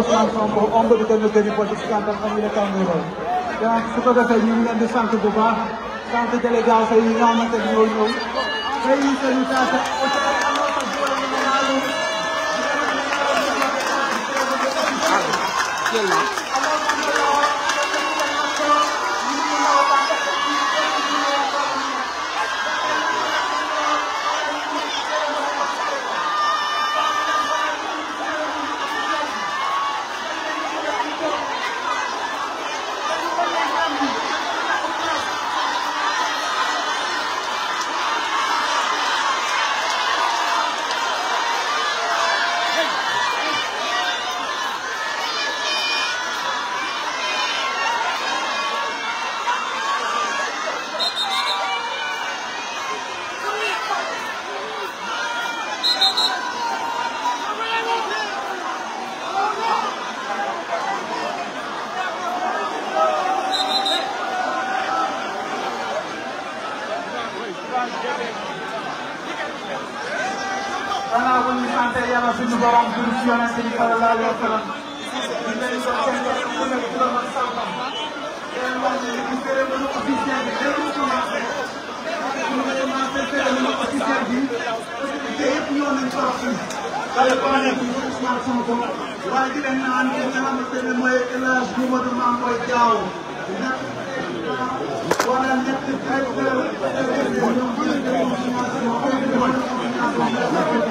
Ousmane Sonko omb bi tamit gën a politique am ñu ne Kambirole donc su ko defee ñu ngi leen di sant bu baax sant délégation yi nga xamante ni ñoo ñëw dañuy seen tasa aussi. sante yàlla suñu borom julli ci yonent bi sallallahu alayhi wa sallam ñu leen ko kenn ku nekk ci la ma santam leen wax ne ci cérémonie officielle bi dañu commencé ñu ngi commencé cérémonie officielle bi te yëpp ñoo nañ trop fii wala ko ne bu Ousmane Sonko waaye di leen naan ki nga xamante ne mooy El Hadj Mamadou Mame Boye Diao nekk wala nekk directeur ñoom ñu ngi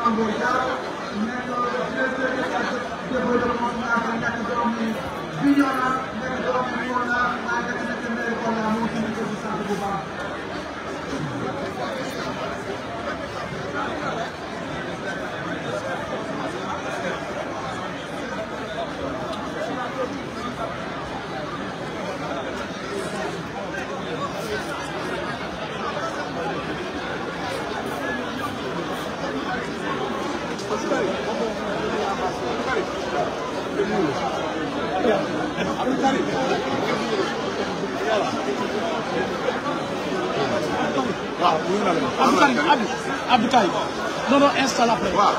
Bignona nekk doomu Bignona maa ngi nekk maire Kolda moo ci nekk bu sant bu baax waaw wuyu na la Abdou Karim non non installe après. waaw.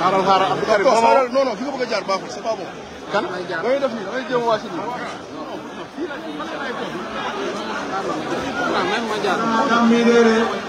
xaaral xaaral Abdou Karim xaaral non non fi nga bëgg a jaar baaxul c'est pas bon. kan damay def nii damay jéem a waa si nii.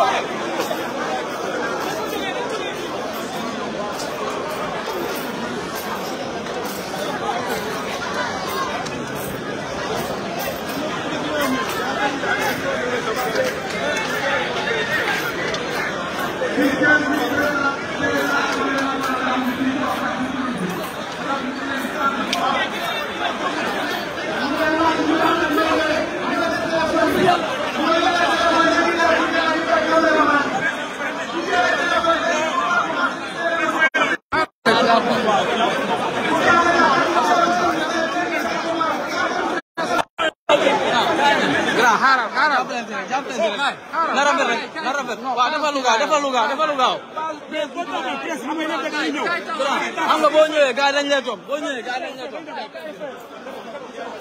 Vamos! xaaral na rafet rek na rafet waaw defal lu gaaw defal lu gaaw defal lu gaaw. xam nga boo ñëwee gars